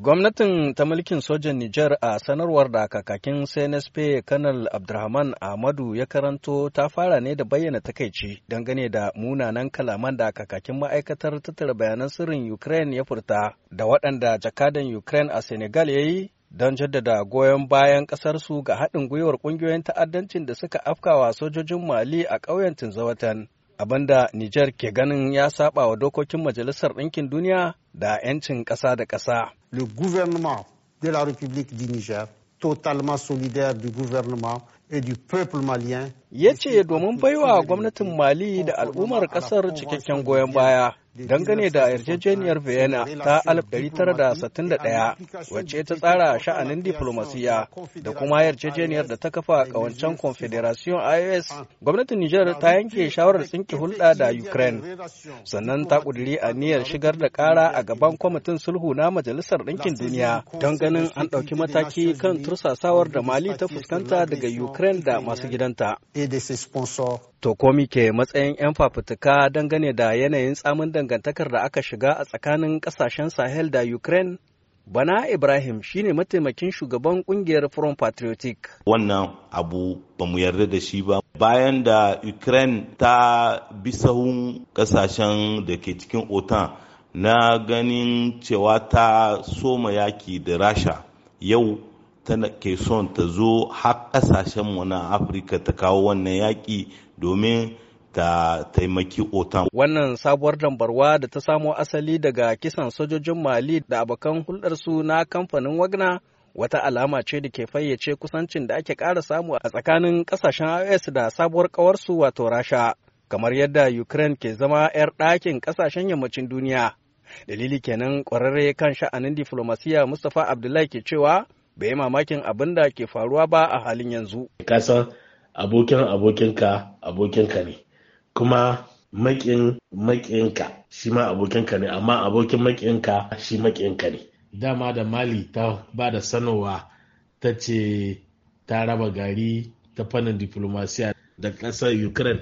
Gwamnatin ta mulkin sojan Nijar a sanarwar da kakakin CNSP Kanal Abdurrahman Ahmadu ya karanto ta fara ne da bayyana takaici dangane da munanan kalaman da kakakin ma'aikatar tattara bayanan sirrin Ukraine ya furta da waɗanda jakadan Ukraine a Senegal ya yi don jaddada goyon bayan ƙasarsu ga haɗin gwiwar ƙungiyoyin ta'addancin da suka afkawa sojojin Mali a ƙauyen Tinzawatan. da Nijar ke ganin ya saba wa dokokin Majalisar Ɗinkin Duniya da 'yancin ƙasa da ƙasa. le gouvernement de la République du Niger, totalement solidaire du gouvernement et du peuple malien. dangane da yarjejeniyar vienna ta 1961 wacce ta tsara sha'anin diplomasiya da kuma yarjejeniyar da ta kafa kawancen confederation ios ah. gwamnatin niger ta yanke shawarar tsinke hulɗa da ukraine sannan ta a niyyar shigar da ƙara a gaban kwamitin sulhu na majalisar ɗinkin duniya don ganin an ɗauki mataki kan tursasawar da mali ta fuskanta daga ukraine da masu gidanta To komi ke matsayin 'yan fafutuka dangane da yanayin tsamin dangantakar da aka shiga a tsakanin kasashen Sahel da Ukraine? Bana Ibrahim shine mataimakin shugaban kungiyar Front Patriotic. Wannan abu ba mu yarda da shi ba. Bayan da Ukraine ta bi sahun kasashen da ke cikin OTAN na ganin cewa ta soma yaki da Rasha yau tana ke son ta zo har mu na afirka ta kawo wannan yaƙi domin ta taimaki otan. Wannan sabuwar dambarwa da ta samo asali daga kisan sojojin Mali da abokan hulɗarsu na kamfanin Wagna wata alama ce da ke fayyace kusancin da ake ƙara samu a tsakanin ƙasashen IOS da sabuwar ƙawarsu wato Rasha, kamar yadda Ukraine ke zama 'yar ɗakin ƙasashen yammacin duniya. Dalili kenan ƙwararre kan sha'anin diflomasiyya Mustapha Abdullahi ke cewa bai yi mamakin abin da ke faruwa ba a halin yanzu. Kasan abokin abokinka abokinka ne kuma makin makinka shi ma abokinka ne amma abokin makinka shi makinka ne. Dama da Mali ta ba da sanowa ta ce ta raba gari ta fannin diplomasiya da ƙasar Ukraine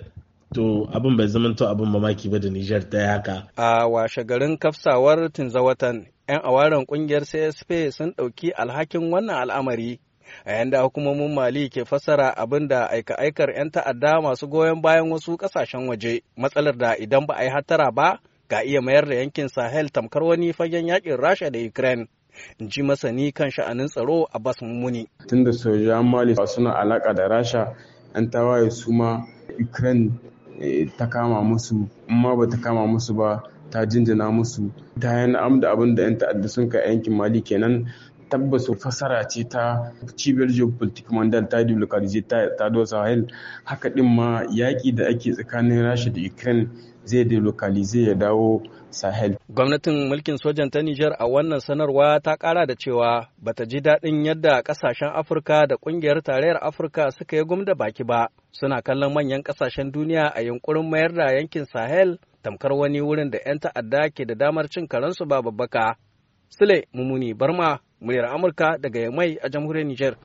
to abin bai zama to abin mamaki ba da Nijar ta haka. A washe garin kafsawar Tinzawatan 'yan awaren kungiyar csp sun ɗauki alhakin wannan al'amari a yanda hukumomin mali ke fassara abin da aika-aikar 'yan ta'adda masu goyon bayan wasu kasashen waje matsalar da idan ba a yi hattara ba ga iya mayar da yankin sahel tamkar wani fagen yakin rasha da ukraine in ji masani kan sha'anin tsaro a bas mummuni tunda sojan mali suna alaka da rasha 'yan tawaye su ma ukraine eh, ta kama musu amma ba ta kama musu ba ta jinjina musu ta yana da abin da 'yan ta'adda sun ka yankin mali kenan tabbas fasara ce ta cibiyar geopolitical mandal ta dublikarize ta do sahel haka din ma yaƙi da ake tsakanin rasha da ukraine zai zai ya dawo sahel gwamnatin mulkin sojan ta niger a wannan sanarwa ta kara da cewa bata ji daɗin yadda kasashen afirka da ƙungiyar tarayyar afirka suka yi gumda baki ba suna kallon manyan ƙasashen duniya a yunkurin mayar da yankin sahel tamkar wani wurin da 'yan ta'adda ke da damar cin karensu ba babbaka. Sule Mumuni Barma, muryar Amurka daga Yamai a jamhuriyar Nijar.